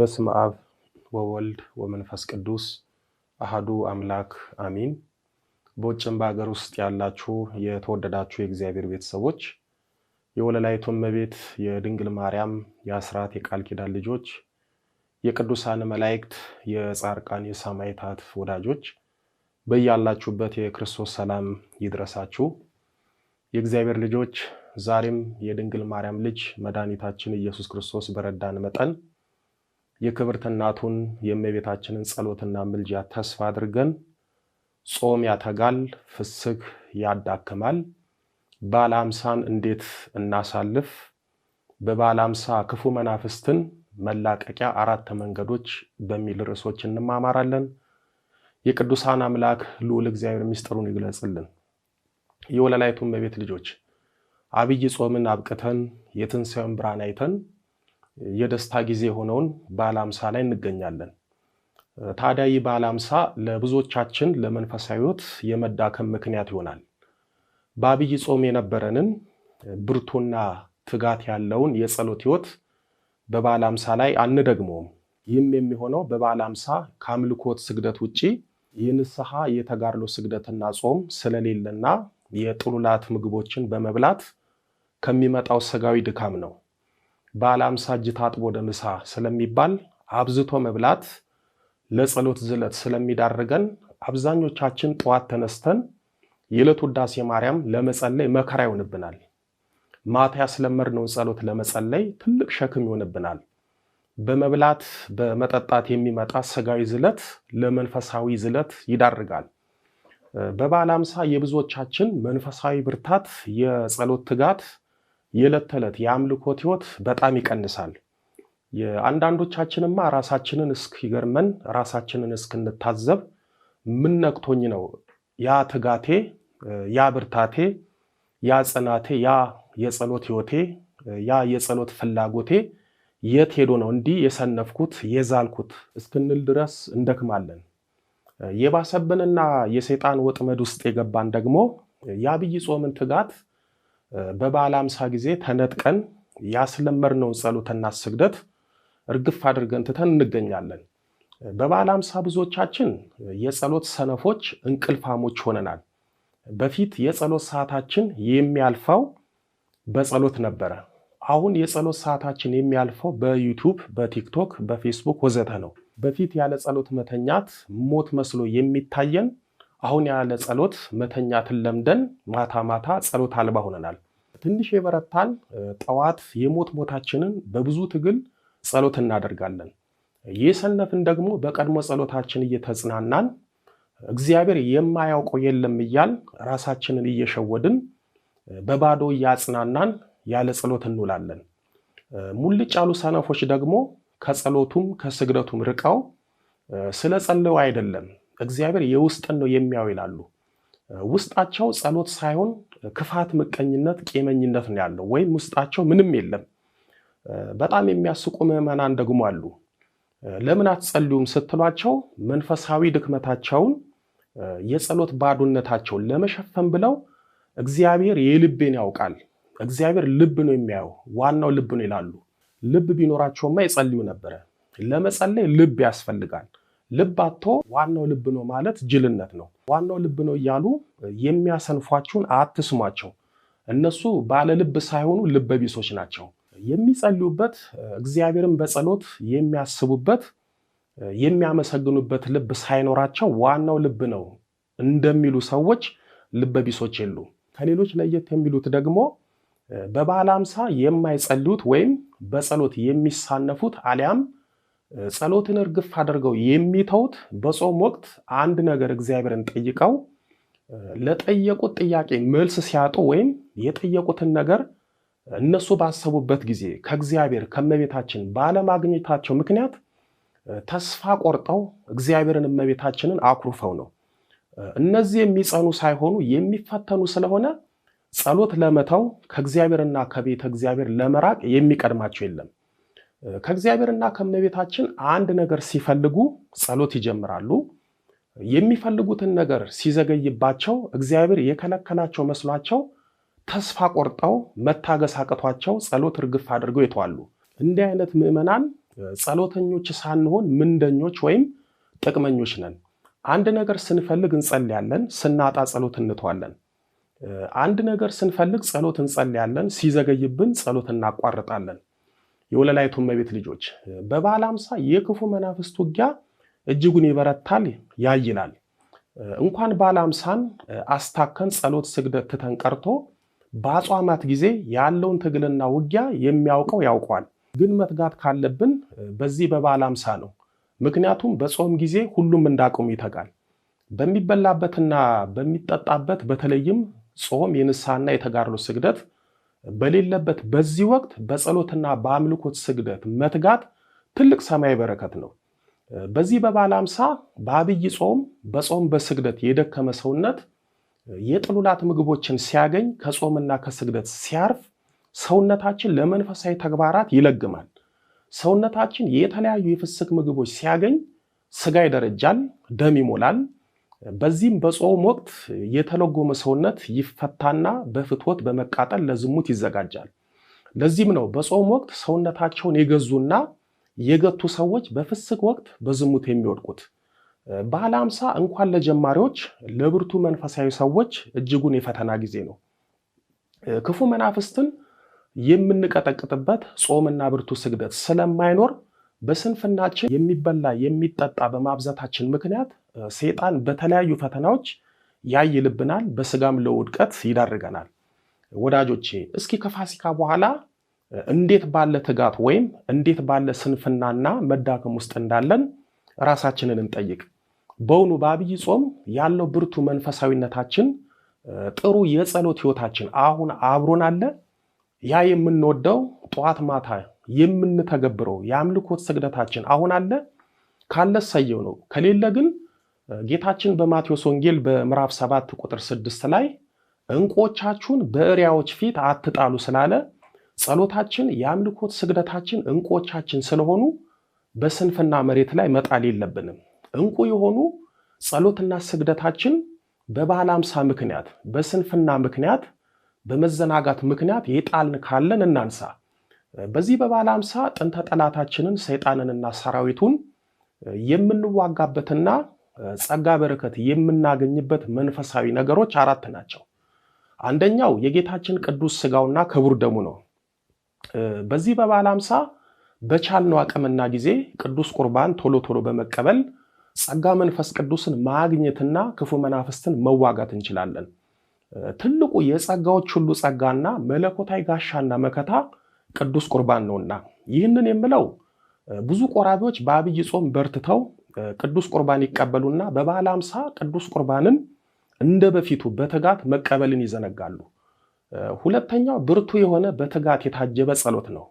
በስም አብ ወወልድ ወመንፈስ ቅዱስ አህዱ አምላክ አሚን። በውጭም በሀገር ውስጥ ያላችሁ የተወደዳችሁ የእግዚአብሔር ቤተሰቦች የወለላይቱ እመቤት የድንግል ማርያም የአስራት የቃል ኪዳን ልጆች የቅዱሳን መላእክት የጻርቃን የሰማዕታት ወዳጆች በያላችሁበት የክርስቶስ ሰላም ይድረሳችሁ። የእግዚአብሔር ልጆች ዛሬም የድንግል ማርያም ልጅ መድኃኒታችን ኢየሱስ ክርስቶስ በረዳን መጠን የክብርት እናቱን የእመቤታችንን ጸሎትና ምልጃ ተስፋ አድርገን ጾም ያተጋል፣ ፍስክ ያዳክማል። ባለ አምሳን እንዴት እናሳልፍ? በባለ አምሳ ክፉ መናፍስትን መላቀቂያ አራት መንገዶች በሚል ርዕሶች እንማማራለን። የቅዱሳን አምላክ ልዑል እግዚአብሔር ምስጢሩን ይግለጽልን። የወለላይቱ እመቤት ልጆች አብይ ጾምን አብቅተን የትንሣኤውን ብርሃን አይተን የደስታ ጊዜ የሆነውን በዓለ ሃምሳ ላይ እንገኛለን። ታዲያ ይህ በዓለ ሃምሳ ለብዙዎቻችን ለመንፈሳዊ ሕይወት የመዳከም ምክንያት ይሆናል። በአብይ ጾም የነበረንን ብርቱና ትጋት ያለውን የጸሎት ሕይወት በበዓለ ሃምሳ ላይ አንደግመውም። ይህም የሚሆነው በበዓለ ሃምሳ ከአምልኮት ስግደት ውጪ የንስሐ የተጋድሎ ስግደትና ጾም ስለሌለና የጥሉላት ምግቦችን በመብላት ከሚመጣው ስጋዊ ድካም ነው። ባለ አምሳ እጅ ታጥቦ ስለሚባል አብዝቶ መብላት ለጸሎት ዝለት ስለሚዳርገን አብዛኞቻችን ጠዋት ተነስተን የዕለት ውዳሴ ማርያም ለመጸለይ መከራ ይሆንብናል። ማታ ያስለመድነውን ጸሎት ለመጸለይ ትልቅ ሸክም ይሆንብናል። በመብላት በመጠጣት የሚመጣ ስጋዊ ዝለት ለመንፈሳዊ ዝለት ይዳርጋል። በበዓለ ሃምሳ የብዙዎቻችን መንፈሳዊ ብርታት፣ የጸሎት ትጋት የዕለት ተዕለት የአምልኮት ህይወት በጣም ይቀንሳል። የአንዳንዶቻችንማ ራሳችንን እስኪገርመን ራሳችንን እስክንታዘብ ምን ነክቶኝ ነው ያ ትጋቴ፣ ያ ብርታቴ፣ ያ ጽናቴ፣ ያ የጸሎት ህይወቴ፣ ያ የጸሎት ፍላጎቴ የት ሄዶ ነው እንዲህ የሰነፍኩት የዛልኩት እስክንል ድረስ እንደክማለን። የባሰብንና የሰይጣን ወጥመድ ውስጥ የገባን ደግሞ የአብይ ጾምን ትጋት በበዓለ ሃምሳ ጊዜ ተነጥቀን ያስለመድነውን ጸሎትና ስግደት እርግፍ አድርገን ትተን እንገኛለን። በበዓለ ሃምሳ ብዙዎቻችን የጸሎት ሰነፎች፣ እንቅልፋሞች ሆነናል። በፊት የጸሎት ሰዓታችን የሚያልፈው በጸሎት ነበረ። አሁን የጸሎት ሰዓታችን የሚያልፈው በዩቱብ፣ በቲክቶክ፣ በፌስቡክ ወዘተ ነው። በፊት ያለ ጸሎት መተኛት ሞት መስሎ የሚታየን አሁን ያለ ጸሎት መተኛትን ለምደን ማታ ማታ ጸሎት አልባ ሆነናል። ትንሽ የበረታን ጠዋት የሞት ሞታችንን በብዙ ትግል ጸሎት እናደርጋለን። የሰነፍን ደግሞ በቀድሞ ጸሎታችን እየተጽናናን እግዚአብሔር የማያውቀው የለም እያል ራሳችንን እየሸወድን በባዶ እያጽናናን ያለ ጸሎት እንውላለን። ሙልጭ ያሉ ሰነፎች ደግሞ ከጸሎቱም ከስግደቱም ርቀው ስለ ጸለው አይደለም እግዚአብሔር የውስጥን ነው የሚያው ይላሉ። ውስጣቸው ጸሎት ሳይሆን ክፋት፣ ምቀኝነት፣ ቄመኝነት ነው ያለው፣ ወይም ውስጣቸው ምንም የለም። በጣም የሚያስቁ ምዕመናን ደግሞ አሉ። ለምን አትጸልዩም ስትሏቸው መንፈሳዊ ድክመታቸውን የጸሎት ባዶነታቸውን ለመሸፈን ብለው እግዚአብሔር የልቤን ያውቃል፣ እግዚአብሔር ልብ ነው የሚያየው፣ ዋናው ልብ ነው ይላሉ። ልብ ቢኖራቸውማ ይጸልዩ ነበረ። ለመጸለይ ልብ ያስፈልጋል። ልብ አቶ ዋናው ልብ ነው ማለት ጅልነት ነው። ዋናው ልብ ነው እያሉ የሚያሰንፏችሁን አትስሟቸው። እነሱ ባለ ልብ ሳይሆኑ ልበ ቢሶች ናቸው። የሚጸልዩበት እግዚአብሔርን በጸሎት የሚያስቡበት የሚያመሰግኑበት ልብ ሳይኖራቸው ዋናው ልብ ነው እንደሚሉ ሰዎች ልበ ቢሶች የሉ። ከሌሎች ለየት የሚሉት ደግሞ በባለ አምሳ የማይጸልዩት ወይም በጸሎት የሚሳነፉት አሊያም ጸሎትን እርግፍ አድርገው የሚተውት በጾም ወቅት አንድ ነገር እግዚአብሔርን ጠይቀው ለጠየቁት ጥያቄ መልስ ሲያጡ ወይም የጠየቁትን ነገር እነሱ ባሰቡበት ጊዜ ከእግዚአብሔር ከእመቤታችን ባለማግኘታቸው ምክንያት ተስፋ ቆርጠው እግዚአብሔርን እመቤታችንን አኩርፈው ነው። እነዚህ የሚጸኑ ሳይሆኑ የሚፈተኑ ስለሆነ ጸሎት ለመተው ከእግዚአብሔርና ከቤተ እግዚአብሔር ለመራቅ የሚቀድማቸው የለም። ከእግዚአብሔርና ከእመቤታችን አንድ ነገር ሲፈልጉ ጸሎት ይጀምራሉ። የሚፈልጉትን ነገር ሲዘገይባቸው እግዚአብሔር የከለከላቸው መስሏቸው ተስፋ ቆርጠው መታገስ አቅቷቸው ጸሎት እርግፍ አድርገው ይተዋሉ። እንዲህ አይነት ምዕመናን ጸሎተኞች ሳንሆን ምንደኞች ወይም ጥቅመኞች ነን። አንድ ነገር ስንፈልግ እንጸልያለን፣ ስናጣ ጸሎት እንተዋለን። አንድ ነገር ስንፈልግ ጸሎት እንጸልያለን፣ ሲዘገይብን ጸሎት እናቋርጣለን። የወለላይቱ እመቤት ልጆች በበዓለ ሃምሳ የክፉ መናፍስት ውጊያ እጅጉን ይበረታል ያይላል። እንኳን በዓለ ሃምሳን አስታከን ጸሎት፣ ስግደት ትተን ቀርቶ በአጽዋማት ጊዜ ያለውን ትግልና ውጊያ የሚያውቀው ያውቋል። ግን መትጋት ካለብን በዚህ በበዓለ ሃምሳ ነው። ምክንያቱም በጾም ጊዜ ሁሉም እንዳቅሙ ይተጋል። በሚበላበትና በሚጠጣበት በተለይም ጾም የንስሐና የተጋድሎ ስግደት በሌለበት በዚህ ወቅት በጸሎትና በአምልኮት ስግደት መትጋት ትልቅ ሰማያዊ በረከት ነው። በዚህ በበዓለ ሃምሳ በአብይ ጾም በጾም በስግደት የደከመ ሰውነት የጥሉላት ምግቦችን ሲያገኝ ከጾምና ከስግደት ሲያርፍ ሰውነታችን ለመንፈሳዊ ተግባራት ይለግማል። ሰውነታችን የተለያዩ የፍስክ ምግቦች ሲያገኝ ስጋ ይደረጃል፣ ደም ይሞላል። በዚህም በጾም ወቅት የተለጎመ ሰውነት ይፈታና በፍትወት በመቃጠል ለዝሙት ይዘጋጃል። ለዚህም ነው በጾም ወቅት ሰውነታቸውን የገዙና የገቱ ሰዎች በፍስግ ወቅት በዝሙት የሚወድቁት። በዓለ ሃምሳ እንኳን ለጀማሪዎች ለብርቱ መንፈሳዊ ሰዎች እጅጉን የፈተና ጊዜ ነው። ክፉ መናፍስትን የምንቀጠቅጥበት ጾምና ብርቱ ስግደት ስለማይኖር በስንፍናችን የሚበላ የሚጠጣ በማብዛታችን ምክንያት ሴጣን በተለያዩ ፈተናዎች ያይልብናል፣ በስጋም ለውድቀት ይዳርገናል። ወዳጆቼ እስኪ ከፋሲካ በኋላ እንዴት ባለ ትጋት ወይም እንዴት ባለ ስንፍናና መዳከም ውስጥ እንዳለን ራሳችንን እንጠይቅ። በውኑ በአብይ ጾም ያለው ብርቱ መንፈሳዊነታችን፣ ጥሩ የጸሎት ህይወታችን አሁን አብሮን አለ? ያ የምንወደው ጠዋት ማታ የምንተገብረው የአምልኮት ስግደታችን አሁን አለ? ካለ ሰየው ነው፣ ከሌለ ግን ጌታችን በማቴዎስ ወንጌል በምዕራፍ 7 ቁጥር 6 ላይ እንቆቻችሁን በእሪያዎች ፊት አትጣሉ ስላለ ጸሎታችን፣ የአምልኮት ስግደታችን እንቆቻችን ስለሆኑ በስንፍና መሬት ላይ መጣል የለብንም። እንቁ የሆኑ ጸሎትና ስግደታችን በባለ አምሳ ምክንያት፣ በስንፍና ምክንያት፣ በመዘናጋት ምክንያት የጣልን ካለን እናንሳ። በዚህ በባለ አምሳ ጥንተ ጠላታችንን ሰይጣንንና ሰራዊቱን የምንዋጋበትና ጸጋ በረከት የምናገኝበት መንፈሳዊ ነገሮች አራት ናቸው። አንደኛው የጌታችን ቅዱስ ስጋውና ክቡር ደሙ ነው። በዚህ በበዓለ ሃምሳ በቻልነው አቅምና ጊዜ ቅዱስ ቁርባን ቶሎ ቶሎ በመቀበል ጸጋ መንፈስ ቅዱስን ማግኘትና ክፉ መናፍስትን መዋጋት እንችላለን። ትልቁ የጸጋዎች ሁሉ ጸጋና መለኮታዊ ጋሻና መከታ ቅዱስ ቁርባን ነውና ይህንን የምለው ብዙ ቆራቢዎች በአብይ ጾም በርትተው ቅዱስ ቁርባን ይቀበሉና በበዓለ ሃምሳ ቅዱስ ቁርባንን እንደ በፊቱ በትጋት መቀበልን ይዘነጋሉ። ሁለተኛው ብርቱ የሆነ በትጋት የታጀበ ጸሎት ነው።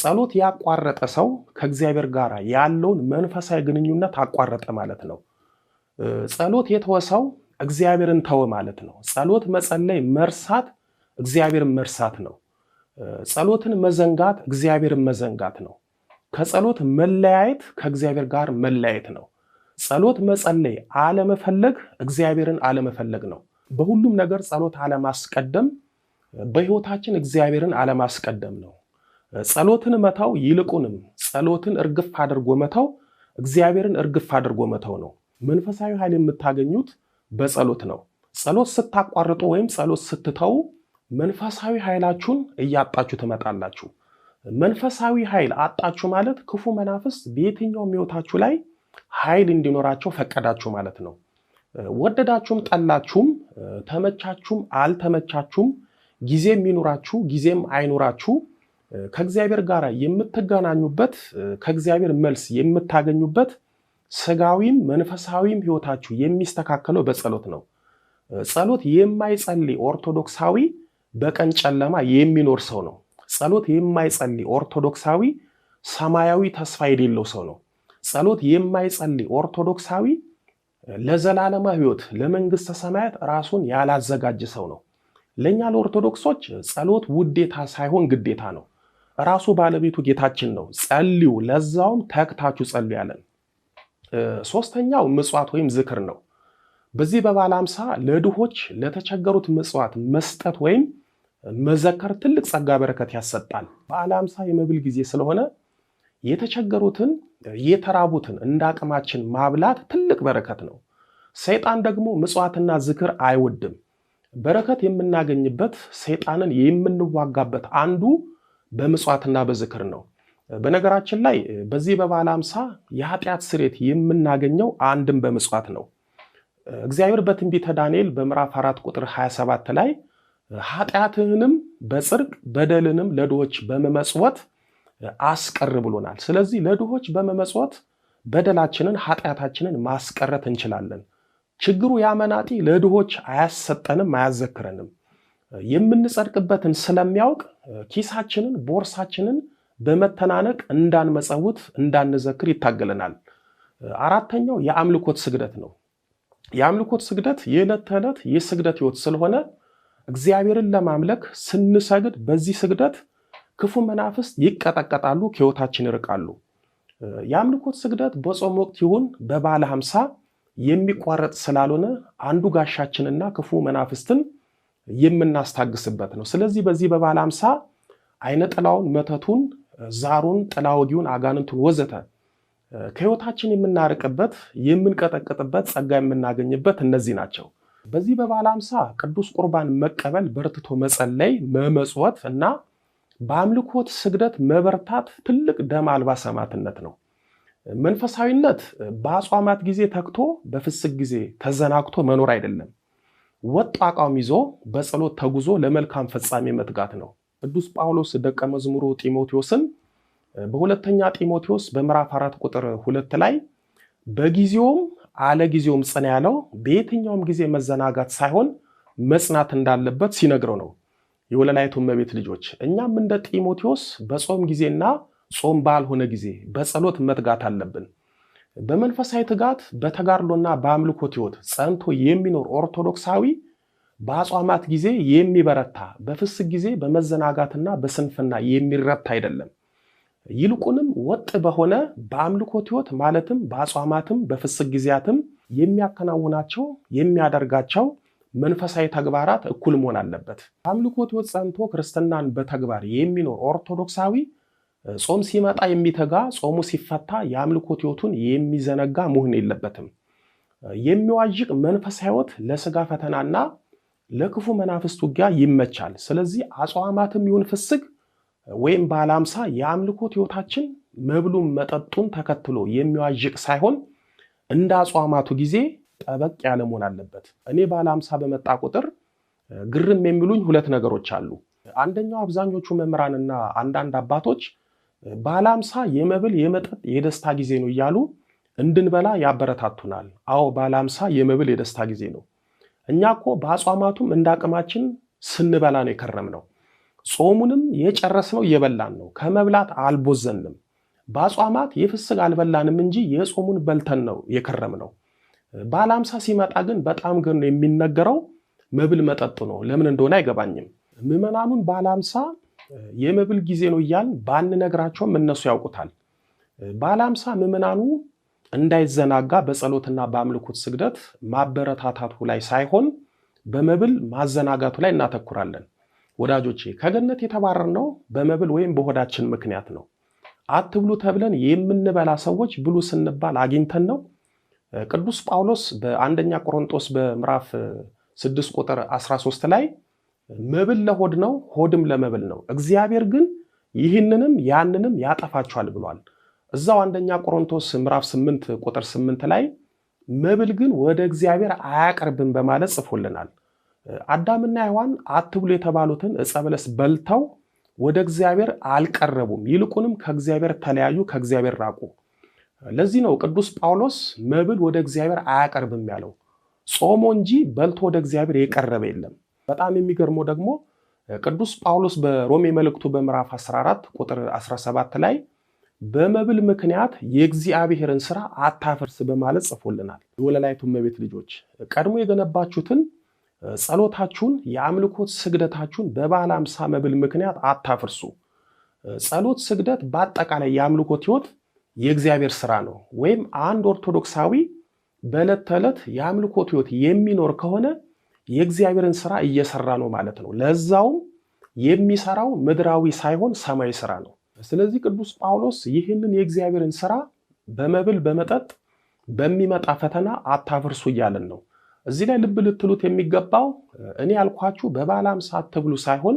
ጸሎት ያቋረጠ ሰው ከእግዚአብሔር ጋር ያለውን መንፈሳዊ ግንኙነት አቋረጠ ማለት ነው። ጸሎት የተወ ሰው እግዚአብሔርን ተወ ማለት ነው። ጸሎት መጸለይ መርሳት እግዚአብሔርን መርሳት ነው። ጸሎትን መዘንጋት እግዚአብሔርን መዘንጋት ነው። ከጸሎት መለያየት ከእግዚአብሔር ጋር መለያየት ነው። ጸሎት መጸለይ አለመፈለግ እግዚአብሔርን አለመፈለግ ነው። በሁሉም ነገር ጸሎት አለማስቀደም በሕይወታችን እግዚአብሔርን አለማስቀደም ነው። ጸሎትን መተው ይልቁንም ጸሎትን እርግፍ አድርጎ መተው እግዚአብሔርን እርግፍ አድርጎ መተው ነው። መንፈሳዊ ኃይል የምታገኙት በጸሎት ነው። ጸሎት ስታቋርጡ ወይም ጸሎት ስትተው መንፈሳዊ ኃይላችሁን እያጣችሁ ትመጣላችሁ። መንፈሳዊ ኃይል አጣችሁ ማለት ክፉ መናፍስት በየትኛውም ሕይወታችሁ ላይ ኃይል እንዲኖራቸው ፈቀዳችሁ ማለት ነው። ወደዳችሁም ጠላችሁም፣ ተመቻችሁም አልተመቻችሁም፣ ጊዜም ይኑራችሁ ጊዜም አይኑራችሁ ከእግዚአብሔር ጋር የምትገናኙበት ከእግዚአብሔር መልስ የምታገኙበት ስጋዊም መንፈሳዊም ህይወታችሁ የሚስተካከለው በጸሎት ነው። ጸሎት የማይጸልይ ኦርቶዶክሳዊ በቀን ጨለማ የሚኖር ሰው ነው። ጸሎት የማይጸልይ ኦርቶዶክሳዊ ሰማያዊ ተስፋ የሌለው ሰው ነው። ጸሎት የማይጸልይ ኦርቶዶክሳዊ ለዘላለማ ሕይወት ለመንግስተ ሰማያት ራሱን ያላዘጋጀ ሰው ነው። ለእኛ ለኦርቶዶክሶች ጸሎት ውዴታ ሳይሆን ግዴታ ነው። ራሱ ባለቤቱ ጌታችን ነው። ጸልዩ፣ ለዛውም ተግታችሁ ጸልዩ ያለን። ሶስተኛው ምጽዋት ወይም ዝክር ነው። በዚህ በበዓለ ሃምሳ ለድሆች ለተቸገሩት ምጽዋት መስጠት ወይም መዘከር ትልቅ ጸጋ በረከት ያሰጣል። በዓለ ሃምሳ የመብል ጊዜ ስለሆነ የተቸገሩትን የተራቡትን እንደ አቅማችን ማብላት ትልቅ በረከት ነው። ሰይጣን ደግሞ ምጽዋትና ዝክር አይወድም። በረከት የምናገኝበት ሰይጣንን የምንዋጋበት አንዱ በምጽዋትና በዝክር ነው። በነገራችን ላይ በዚህ በበዓለ ሃምሳ የኃጢአት ስሬት የምናገኘው አንድም በምጽዋት ነው። እግዚአብሔር በትንቢተ ዳንኤል በምዕራፍ 4 ቁጥር 27 ላይ ኃጢአትህንም በጽድቅ በደልንም ለድሆች በመመጽወት አስቀር ብሎናል። ስለዚህ ለድሆች በመመጽወት በደላችንን ኃጢአታችንን ማስቀረት እንችላለን። ችግሩ ያመናጢ ለድሆች አያሰጠንም፣ አያዘክረንም። የምንጸድቅበትን ስለሚያውቅ ኪሳችንን፣ ቦርሳችንን በመተናነቅ እንዳንመጸውት፣ እንዳንዘክር ይታገለናል። አራተኛው የአምልኮት ስግደት ነው። የአምልኮት ስግደት የዕለት ተዕለት የስግደት ህይወት ስለሆነ እግዚአብሔርን ለማምለክ ስንሰግድ በዚህ ስግደት ክፉ መናፍስት ይቀጠቀጣሉ፣ ከሕይወታችን ይርቃሉ። የአምልኮት ስግደት በጾም ወቅት ይሁን በባለ ሀምሳ የሚቋረጥ ስላልሆነ አንዱ ጋሻችንና ክፉ መናፍስትን የምናስታግስበት ነው። ስለዚህ በዚህ በባለ ሀምሳ አይነ ጥላውን፣ መተቱን፣ ዛሩን፣ ጥላ ወጊውን፣ አጋንንቱን ወዘተ ከህይወታችን የምናርቅበት የምንቀጠቅጥበት ጸጋ የምናገኝበት እነዚህ ናቸው። በዚህ በበዓለ ሃምሳ ቅዱስ ቁርባን መቀበል፣ በርትቶ መጸለይ፣ መመጽወት እና በአምልኮት ስግደት መበርታት ትልቅ ደም አልባ ሰማዕትነት ነው። መንፈሳዊነት በአጽዋማት ጊዜ ተግቶ በፍስግ ጊዜ ተዘናግቶ መኖር አይደለም። ወጥ አቋም ይዞ በጸሎት ተጉዞ ለመልካም ፍጻሜ መትጋት ነው። ቅዱስ ጳውሎስ ደቀ መዝሙሩ ጢሞቴዎስን በሁለተኛ ጢሞቴዎስ በምዕራፍ አራት ቁጥር ሁለት ላይ በጊዜውም አለጊዜውም ጽና ያለው በየትኛውም ጊዜ መዘናጋት ሳይሆን መጽናት እንዳለበት ሲነግረው ነው። የወለላይቱ እመቤት ልጆች እኛም እንደ ጢሞቴዎስ በጾም ጊዜና ጾም ባልሆነ ጊዜ በጸሎት መትጋት አለብን። በመንፈሳዊ ትጋት በተጋድሎና በአምልኮት ሕይወት ጸንቶ የሚኖር ኦርቶዶክሳዊ በአጽዋማት ጊዜ የሚበረታ በፍስግ ጊዜ በመዘናጋትና በስንፍና የሚረታ አይደለም። ይልቁንም ወጥ በሆነ በአምልኮት ህይወት ማለትም በአጽዋማትም በፍስግ ጊዜያትም የሚያከናውናቸው የሚያደርጋቸው መንፈሳዊ ተግባራት እኩል መሆን አለበት። በአምልኮት ህይወት ጸንቶ ክርስትናን በተግባር የሚኖር ኦርቶዶክሳዊ ጾም ሲመጣ የሚተጋ ጾሙ ሲፈታ የአምልኮት ህይወቱን የሚዘነጋ መሆን የለበትም። የሚዋዥቅ መንፈሳዊ ህይወት ለስጋ ፈተናና ለክፉ መናፍስት ውጊያ ይመቻል። ስለዚህ አጽዋማትም ይሁን ፍስግ ወይም ባለ አምሳ የአምልኮት ህይወታችን መብሉም መጠጡን ተከትሎ የሚዋዥቅ ሳይሆን እንደ አጽዋማቱ ጊዜ ጠበቅ ያለ መሆን አለበት። እኔ ባለ አምሳ በመጣ ቁጥር ግርም የሚሉኝ ሁለት ነገሮች አሉ። አንደኛው አብዛኞቹ መምህራንና አንዳንድ አባቶች ባለ አምሳ የመብል የመጠጥ የደስታ ጊዜ ነው እያሉ እንድንበላ ያበረታቱናል። አዎ ባለ አምሳ የመብል የደስታ ጊዜ ነው። እኛ እኮ በአጽዋማቱም እንደ አቅማችን ስንበላ ነው የከረም ነው። ጾሙንም የጨረስነው እየበላን ነው፣ ከመብላት አልቦዘንም። በአጽዋማት የፍስግ አልበላንም እንጂ የጾሙን በልተን ነው የከረም ነው። ባለ ሲመጣ ግን በጣም ግን የሚነገረው መብል መጠጥ ነው። ለምን እንደሆነ አይገባኝም። ምዕመናኑን ባለ የመብል ጊዜ ነው እያልን ባንነግራቸውም እነሱ ያውቁታል። ባለ አምሳ ምዕመናኑ እንዳይዘናጋ በጸሎትና በአምልኮት ስግደት ማበረታታቱ ላይ ሳይሆን በመብል ማዘናጋቱ ላይ እናተኩራለን። ወዳጆቼ ከገነት የተባረርነው በመብል ወይም በሆዳችን ምክንያት ነው። አትብሉ ተብለን የምንበላ ሰዎች ብሉ ስንባል አግኝተን ነው። ቅዱስ ጳውሎስ በአንደኛ ቆሮንጦስ በምዕራፍ 6 ቁጥር 13 ላይ መብል ለሆድ ነው፣ ሆድም ለመብል ነው፣ እግዚአብሔር ግን ይህንንም ያንንም ያጠፋቸዋል ብሏል። እዛው አንደኛ ቆሮንቶስ ምዕራፍ 8 ቁጥር 8 ላይ መብል ግን ወደ እግዚአብሔር አያቀርብም በማለት ጽፎልናል። አዳምና ሔዋን አትብሉ የተባሉትን ዕፀ በለስ በልተው ወደ እግዚአብሔር አልቀረቡም። ይልቁንም ከእግዚአብሔር ተለያዩ፣ ከእግዚአብሔር ራቁ። ለዚህ ነው ቅዱስ ጳውሎስ መብል ወደ እግዚአብሔር አያቀርብም ያለው። ጾሞ እንጂ በልቶ ወደ እግዚአብሔር የቀረበ የለም። በጣም የሚገርመው ደግሞ ቅዱስ ጳውሎስ በሮሜ መልእክቱ በምዕራፍ 14 ቁጥር 17 ላይ በመብል ምክንያት የእግዚአብሔርን ስራ አታፈርስ በማለት ጽፎልናል። የወለላይቱ መቤት ልጆች ቀድሞ የገነባችሁትን ጸሎታችሁን፣ የአምልኮት ስግደታችሁን በባለ አምሳ መብል ምክንያት አታፍርሱ። ጸሎት፣ ስግደት፣ በአጠቃላይ የአምልኮት ህይወት የእግዚአብሔር ስራ ነው። ወይም አንድ ኦርቶዶክሳዊ በዕለት ተዕለት የአምልኮት ህይወት የሚኖር ከሆነ የእግዚአብሔርን ስራ እየሰራ ነው ማለት ነው። ለዛውም የሚሰራው ምድራዊ ሳይሆን ሰማያዊ ስራ ነው። ስለዚህ ቅዱስ ጳውሎስ ይህንን የእግዚአብሔርን ስራ በመብል በመጠጥ በሚመጣ ፈተና አታፍርሱ እያለን ነው። እዚህ ላይ ልብ ልትሉት የሚገባው እኔ ያልኳችሁ በባለ ሃምሳ አትብሉ ሳይሆን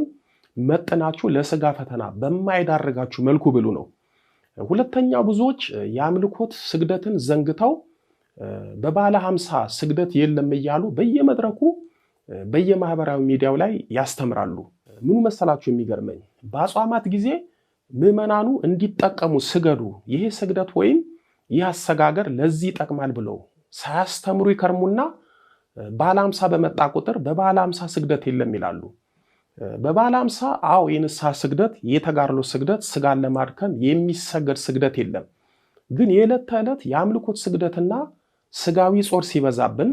መጥናችሁ ለስጋ ፈተና በማይዳርጋችሁ መልኩ ብሉ ነው። ሁለተኛ ብዙዎች የአምልኮት ስግደትን ዘንግተው በባለ ሀምሳ ስግደት የለም እያሉ በየመድረኩ በየማህበራዊ ሚዲያው ላይ ያስተምራሉ። ምኑ መሰላችሁ የሚገርመኝ በአጽዋማት ጊዜ ምዕመናኑ እንዲጠቀሙ ስገዱ፣ ይሄ ስግደት ወይም ይህ አሰጋገር ለዚህ ይጠቅማል ብለው ሳያስተምሩ ይከርሙና በዓለ ሃምሳ በመጣ ቁጥር በባለ አምሳ ስግደት የለም ይላሉ። በበዓለ ሃምሳ አዎ የንስሐ ስግደት፣ የተጋድሎ ስግደት፣ ስጋን ለማድከም የሚሰገድ ስግደት የለም። ግን የዕለት ተዕለት የአምልኮት ስግደትና ስጋዊ ጾር ሲበዛብን፣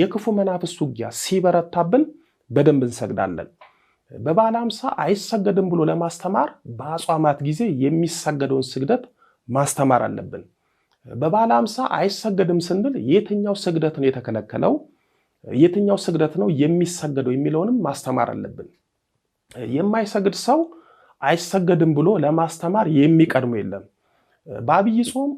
የክፉ መናፍስት ውጊያ ሲበረታብን በደንብ እንሰግዳለን። በበዓለ ሃምሳ አይሰገድም ብሎ ለማስተማር በአጽዋማት ጊዜ የሚሰገደውን ስግደት ማስተማር አለብን። በበዓለ ሃምሳ አይሰገድም ስንል የትኛው ስግደት ነው የተከለከለው? የትኛው ስግደት ነው የሚሰገደው የሚለውንም ማስተማር አለብን። የማይሰግድ ሰው አይሰገድም ብሎ ለማስተማር የሚቀድሙ የለም። በአብይ ጾም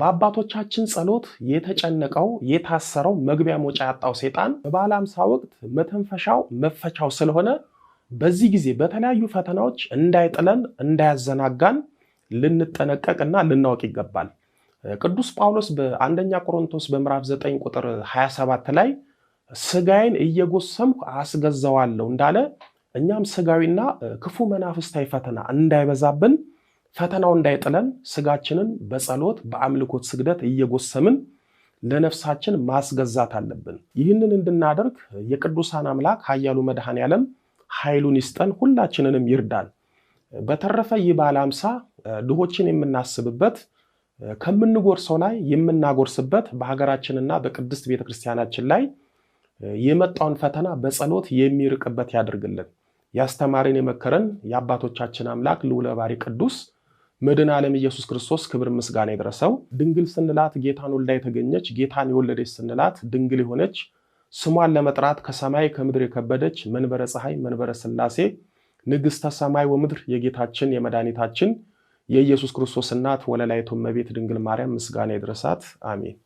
በአባቶቻችን ጸሎት የተጨነቀው የታሰረው መግቢያ መውጫ ያጣው ሰይጣን በበዓለ ሃምሳ ወቅት መተንፈሻው መፈቻው ስለሆነ በዚህ ጊዜ በተለያዩ ፈተናዎች እንዳይጥለን እንዳያዘናጋን ልንጠነቀቅና ልናውቅ ይገባል። ቅዱስ ጳውሎስ በአንደኛ ቆሮንቶስ በምዕራፍ 9 ቁጥር 27 ላይ ስጋዬን እየጎሰምኩ አስገዛዋለሁ እንዳለ እኛም ስጋዊና ክፉ መናፍስታዊ ፈተና እንዳይበዛብን ፈተናው እንዳይጥለን ስጋችንን በጸሎት በአምልኮት ስግደት እየጎሰምን ለነፍሳችን ማስገዛት አለብን። ይህንን እንድናደርግ የቅዱሳን አምላክ ኃያሉ መድኃኔ ዓለም ኃይሉን ይስጠን፣ ሁላችንንም ይርዳን። በተረፈ ይህ ባለ አምሳ ድሆችን የምናስብበት ከምንጎርሰው ላይ የምናጎርስበት በሀገራችንና በቅድስት ቤተክርስቲያናችን ላይ የመጣውን ፈተና በጸሎት የሚርቅበት ያድርግልን። ያስተማረን የመከረን የአባቶቻችን አምላክ ልዑለ ባሕሪ ቅዱስ መድኃኔ ዓለም ኢየሱስ ክርስቶስ ክብር ምስጋና ይድረሰው። ድንግል ስንላት ጌታን ወልዳ የተገኘች ጌታን የወለደች ስንላት ድንግል የሆነች ስሟን ለመጥራት ከሰማይ ከምድር የከበደች መንበረ ፀሐይ መንበረ ሥላሴ ንግሥተ ሰማይ ወምድር የጌታችን የመድኃኒታችን የኢየሱስ ክርስቶስ እናት ወለላይቱ እመቤት ድንግል ማርያም ምስጋና ይድረሳት። አሜን።